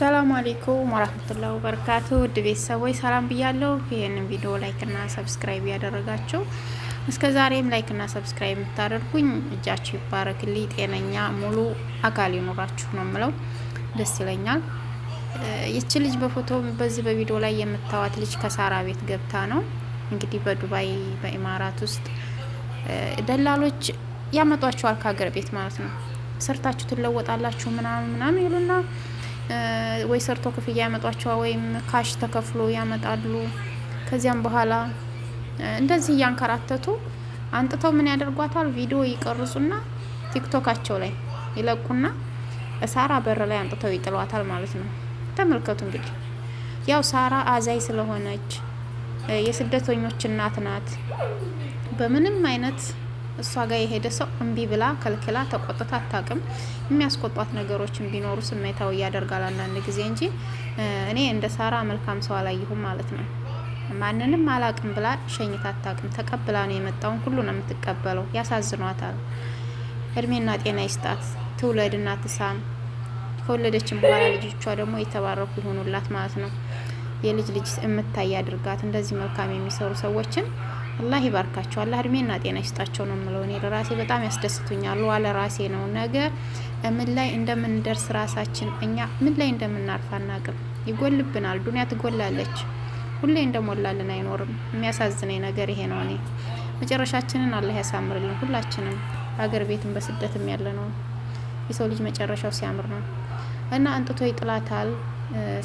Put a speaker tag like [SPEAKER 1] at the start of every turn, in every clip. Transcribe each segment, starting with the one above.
[SPEAKER 1] ሰላም አሌይኩም ወራህመቱላሂ ወበረካቱ ውድ ቤተሰቦች ሰላም ብያለሁ። ይህንን ቪዲዮ ላይክና ሰብስክራይብ ያደረጋችሁ እስከ ዛሬም እና ሰብስክራይብ የምታደርጉኝ እጃችሁ ይባረክልኝ፣ ጤነኛ ሙሉ አካል ይኖራችሁ ነው የምለው። ደስ ይለኛል። ይቺ ልጅ በፎቶ በዚህ በቪዲዮ ላይ የምታዋት ልጅ ከሳራ ቤት ገብታ ነው እንግዲህ በዱባይ በኢማራት ውስጥ ደላሎች ያመጧችኋል ከሀገር ቤት ማለት ነው። ሰርታችሁ ትለወጣላችሁ ምናምን ምናምን ይሉና ወይ ሰርቶ ክፍያ ያመጧቸዋል ወይም ካሽ ተከፍሎ ያመጣሉ። ከዚያም በኋላ እንደዚህ እያንከራተቱ አንጥተው ምን ያደርጓታል? ቪዲዮ ይቀርጹና ቲክቶካቸው ላይ ይለቁና ሳራ በር ላይ አንጥተው ይጥሏታል ማለት ነው። ተመልከቱ እንግዲህ ያው ሳራ አዛይ ስለሆነች የስደተኞች እናት ናት። በምንም አይነት እሷ ጋር የሄደ ሰው እምቢ ብላ ከልክላ ተቆጥታ አታውቅም። የሚያስቆጧት ነገሮችን ቢኖሩ ስሜታዊ እያደርጋል አንዳንድ ጊዜ እንጂ እኔ እንደ ሳራ መልካም ሰው አላየሁም ማለት ነው። ማንንም አላቅም ብላ ሸኝታ አታውቅም። ተቀብላ ነው የመጣውን ሁሉ ነው የምትቀበለው። ያሳዝኗታል። እድሜና ጤና ይስጣት። ትውለድና ትሳም። ከወለደችን በኋላ ልጆቿ ደግሞ የተባረኩ ይሆኑላት ማለት ነው። የልጅ ልጅ የምታይ አድርጋት። እንደዚህ መልካም የሚሰሩ ሰዎችን አላህ ይባርካቸው፣ አላህ እድሜና ጤና ይስጣቸው ነው የምለው። እኔ ለራሴ በጣም ያስደስቱኛሉ። አለ ራሴ ነው ነገ ምን ላይ እንደምንደርስ ራሳችን እኛ ምን ላይ እንደምናርፍ አናቅም። ይጎልብናል፣ ዱንያ ትጎላለች። ሁሌ እንደሞላልን አይኖርም። የሚያሳዝነኝ ነገር ይሄ ነው። እኔ መጨረሻችንን አላህ ያሳምርልን ሁላችንም፣ ሀገር ቤትም በስደትም ያለ ነው። የሰው ልጅ መጨረሻው ሲያምር ነው እና እንጥቶ ይጥላታል።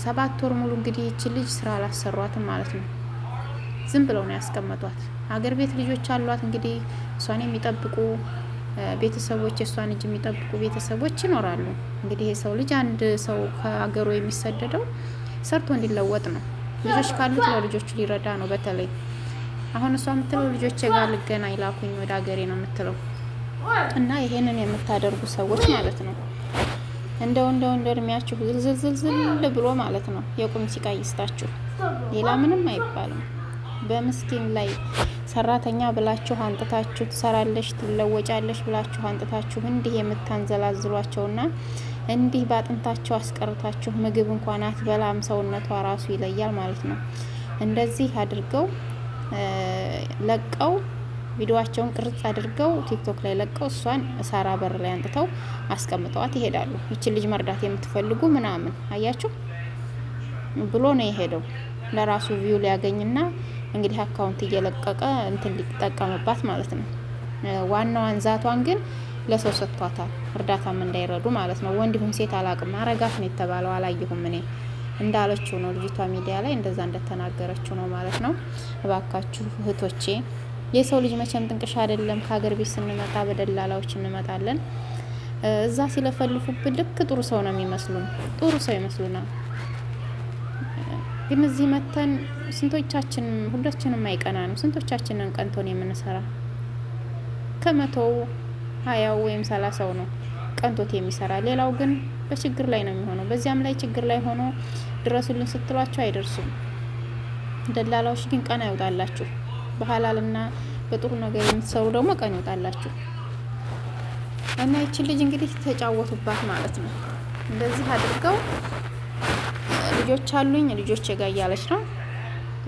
[SPEAKER 1] ሰባት ወር ሙሉ እንግዲህ ይቺ ልጅ ስራ አላሰሯትም ማለት ነው። ዝም ብለው ነው ያስቀመጧት። ሀገር ቤት ልጆች አሏት። እንግዲህ እሷን የሚጠብቁ ቤተሰቦች እሷን እጅ የሚጠብቁ ቤተሰቦች ይኖራሉ። እንግዲህ የሰው ልጅ አንድ ሰው ከሀገሩ የሚሰደደው ሰርቶ እንዲለወጥ ነው። ልጆች ካሉት ለልጆቹ ሊረዳ ነው። በተለይ አሁን እሷ የምትለው ልጆቼ ጋር ልገናኝ ላኩኝ ወደ ሀገሬ ነው የምትለው እና ይሄንን የምታደርጉ ሰዎች ማለት ነው እንደው እንደው እንደ እድሜያችሁ ዝልዝልዝል ብሎ ማለት ነው የቁም ሲቃ ይስጣችሁ። ሌላ ምንም አይባልም። በምስኪን ላይ ሰራተኛ ብላችሁ አንጥታችሁ ትሰራለች ትለወጫለች ብላችሁ አንጥታችሁ እንዲህ የምታንዘላዝሏቸውና እንዲህ በአጥንታቸው አስቀርታችሁ ምግብ እንኳን አትበላም። ሰውነቷ ራሱ ይለያል ማለት ነው። እንደዚህ አድርገው ለቀው ቪዲዮዋቸውን ቅርጽ አድርገው ቲክቶክ ላይ ለቀው እሷን ሳራ በር ላይ አንጥተው አስቀምጠዋት ይሄዳሉ። ይችን ልጅ መርዳት የምትፈልጉ ምናምን አያችሁ ብሎ ነው የሄደው ለራሱ ቪው ሊያገኝና እንግዲህ አካውንት እየለቀቀ እንትን ሊጠቀምባት ማለት ነው። ዋናዋን ዛቷን ግን ለሰው ሰጥቷታል። እርዳታም እንዳይረዱ ማለት ነው። ወንድሁም ሴት አላቅም። አረጋት ነው የተባለው። አላየሁም እኔ እንዳለችው ነው ልጅቷ ሚዲያ ላይ እንደዛ እንደተናገረችው ነው ማለት ነው። እባካችሁ እህቶቼ የሰው ልጅ መቼም ጥንቅሽ አይደለም። ከሀገር ቤት ስንመጣ በደላላዎች እንመጣለን። እዛ ሲለፈልፉብን ልክ ጥሩ ሰው ነው የሚመስሉን፣ ጥሩ ሰው ይመስሉናል። ግን እዚህ መተን ስንቶቻችን ሁላችንም አይቀና ነው። ስንቶቻችንን ቀንቶን የምንሰራ ከመቶው ሀያው ወይም ሰላሳው ነው ቀንቶት የሚሰራ። ሌላው ግን በችግር ላይ ነው የሚሆነው። በዚያም ላይ ችግር ላይ ሆኖ ድረሱልን ስትሏቸው አይደርሱም። ደላላዎች ግን ቀን አይውጣላችሁ። በሀላልና በጥሩ ነገር የምትሰሩ ደግሞ ቀን ይውጣላችሁ። እና ይችን ልጅ እንግዲህ ተጫወቱባት ማለት ነው እንደዚህ አድርገው ልጆች አሉኝ ልጆች ጋ እያለች ነው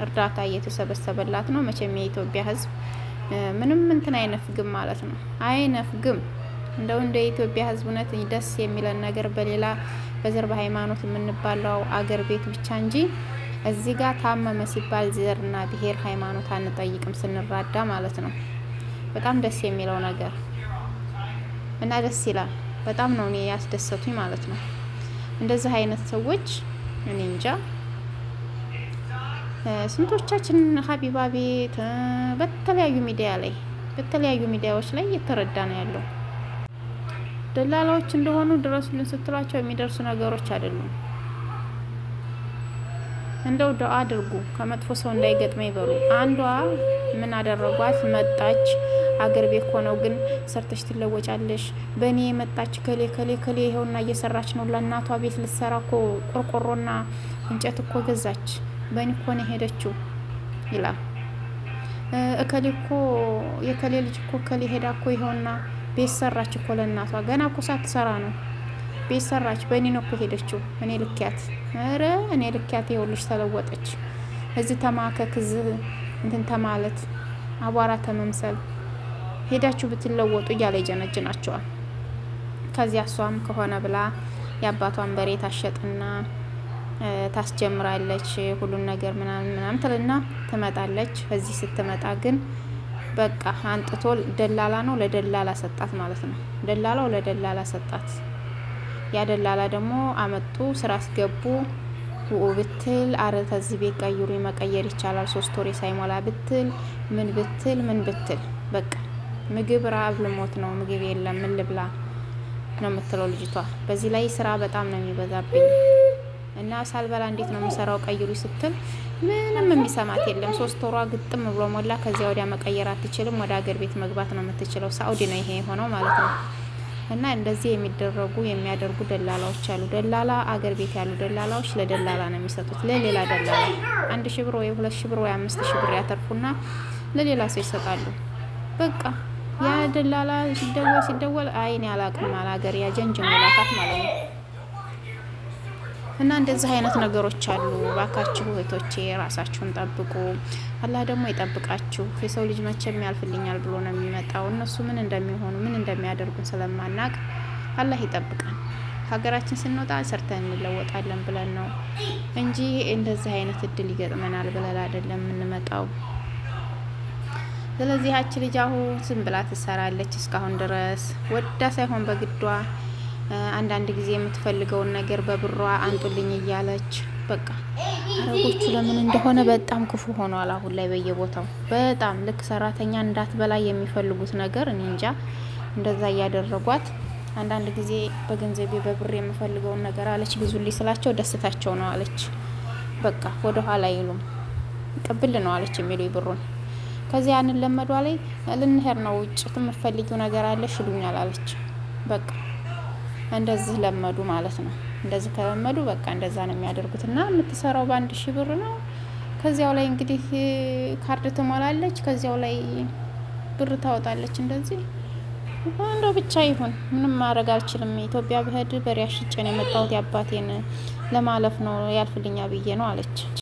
[SPEAKER 1] እርዳታ እየተሰበሰበላት ነው። መቼም የኢትዮጵያ ህዝብ ምንም እንትን አይነፍግም ማለት ነው አይነፍግም። እንደው እንደ ኢትዮጵያ ህዝብ እውነት ደስ የሚለን ነገር በሌላ በዘር በሃይማኖት የምንባለው አገር ቤት ብቻ እንጂ እዚህ ጋር ታመመ ሲባል ዘርና ብሔር ሃይማኖት አንጠይቅም ስንራዳ ማለት ነው። በጣም ደስ የሚለው ነገር እና ደስ ይላል። በጣም ነው እኔ ያስደሰቱኝ ማለት ነው እንደዚህ አይነት ሰዎች እኔ እንጃ። ስንቶቻችን ሀቢባ ቤት በተለያዩ ሚዲያ ላይ በተለያዩ ሚዲያዎች ላይ እየተረዳ ነው ያለው። ደላላዎች እንደሆኑ ድረሱልን ስትሏቸው የሚደርሱ ነገሮች አይደሉም። እንደው ዱአ አድርጉ፣ ከመጥፎ ሰው እንዳይገጥመ ይበሉ። አንዷ ምን አደረጓት? መጣች ሀገር ቤት ሆነው ግን ሰርተሽ ትለወጫለሽ። በእኔ የመጣች ከሌ ከሌ ከሌ ይኸውና እየሰራች ነው። ለእናቷ ቤት ልትሰራ እኮ ቆርቆሮና እንጨት እኮ ገዛች። በእኔ እኮ ነው የሄደችው ይላል። እከሌ እኮ የከሌ ልጅ እኮ ከሌ ሄዳ እኮ ይኸውና ቤት ሰራች እኮ ለእናቷ። ገና እኮ ሳትሰራ ነው ቤት ሰራች። በእኔ ነው እኮ ሄደችው። እኔ ልኪያት፣ ረ እኔ ልኪያት። ይኸውልሽ ተለወጠች። እዚህ ተማከክ፣ እዚህ እንትን ተማለት፣ አቧራ ተመምሰል ሄዳችሁ ብትለወጡ እያለ ይጀነጅናቸዋል። ከዚያ እሷም ከሆነ ብላ የአባቷን በሬ ታሸጥና ታስጀምራለች ሁሉን ነገር ምናምን ምናምን ትልና ትመጣለች። እዚህ ስትመጣ ግን በቃ አንጥቶ ደላላ ነው ለደላላ ሰጣት ማለት ነው። ደላላው ለደላላ ሰጣት። ያ ደላላ ደግሞ አመጡ ስራ አስገቡ። ውኡ ብትል አረተዝ ቤት ቀይሩ መቀየር ይቻላል ሶስት ወሬ ሳይሞላ ብትል ምን ብትል ምን ብትል በቃ ምግብ ረሀብ ልሞት ነው፣ ምግብ የለም፣ ምን ልብላ ነው የምትለው ልጅቷ። በዚህ ላይ ስራ በጣም ነው የሚበዛብኝ እና ሳልበላ እንዴት ነው የምሰራው ቀይሩ ስትል ምንም የሚሰማት የለም። ሶስት ወሯ ግጥም ብሎ ሞላ። ከዚያ ወዲያ መቀየር አትችልም። ወደ ሀገር ቤት መግባት ነው የምትችለው። ሳኡዲ ነው ይሄ የሆነው ማለት ነው። እና እንደዚህ የሚደረጉ የሚያደርጉ ደላላዎች አሉ። ደላላ አገር ቤት ያሉ ደላላዎች ለደላላ ነው የሚሰጡት፣ ለሌላ ደላላ አንድ ሺ ብር ወይ ሁለት ሺ ብር ወይ አምስት ሺ ብር ያተርፉና ለሌላ ሰው ይሰጣሉ። በቃ ያ ደላላ ሲደወል ሲደወል አይኔ አላቅም አላገር ያጀንጅ መላካት ማለት ነው። እና እንደዚህ አይነት ነገሮች አሉ። ባካችሁ እህቶቼ ራሳችሁን ጠብቁ። አላህ ደግሞ ይጠብቃችሁ። የሰው ልጅ መቼም ያልፍልኛል ብሎ ነው የሚመጣው። እነሱ ምን እንደሚሆኑ ምን እንደሚያደርጉን ስለማናቅ አላህ ይጠብቃል። ሀገራችን ስንወጣ ሰርተን እንለወጣለን ብለን ነው እንጂ እንደዚህ አይነት እድል ይገጥመናል ብለን አይደለም የምንመጣው። ስለዚህ ያቺ ልጅ አሁን ዝም ብላ ትሰራለች። እስካሁን ድረስ ወዳ ሳይሆን በግዷ አንዳንድ ጊዜ የምትፈልገውን ነገር በብሯ አንጡልኝ እያለች በቃ አረቦቹ ለምን እንደሆነ በጣም ክፉ ሆኗል። አሁን ላይ በየቦታው በጣም ልክ ሰራተኛ እንዳትበላ የሚፈልጉት ነገር እኔ እንጃ እንደዛ እያደረጓት አንዳንድ ጊዜ በገንዘቤ በብር የምፈልገውን ነገር አለች ግዙልኝ ስላቸው ደስታቸው ነው አለች። በቃ ወደኋላ አይሉም ቅብል ነው አለች የሚሉ ብሩን ከዚያ ያንን ለመዷ ላይ ልንሄድ ነው ውጭ የምትፈልጊው ነገር አለሽ ይሉኛል አለች። በቃ እንደዚህ ለመዱ ማለት ነው። እንደዚህ ከለመዱ በቃ እንደዛ ነው የሚያደርጉት። እና የምትሰራው በአንድ ሺህ ብር ነው። ከዚያው ላይ እንግዲህ ካርድ ትሞላለች። ከዚያው ላይ ብር ታወጣለች። እንደዚህ እንደው ብቻ ይሁን ምንም ማድረግ አልችልም። ኢትዮጵያ ብሄድ በሬ አሽጬ ነው የመጣሁት። የአባቴን ለማለፍ ነው ያልፍልኛ ብዬ ነው አለች።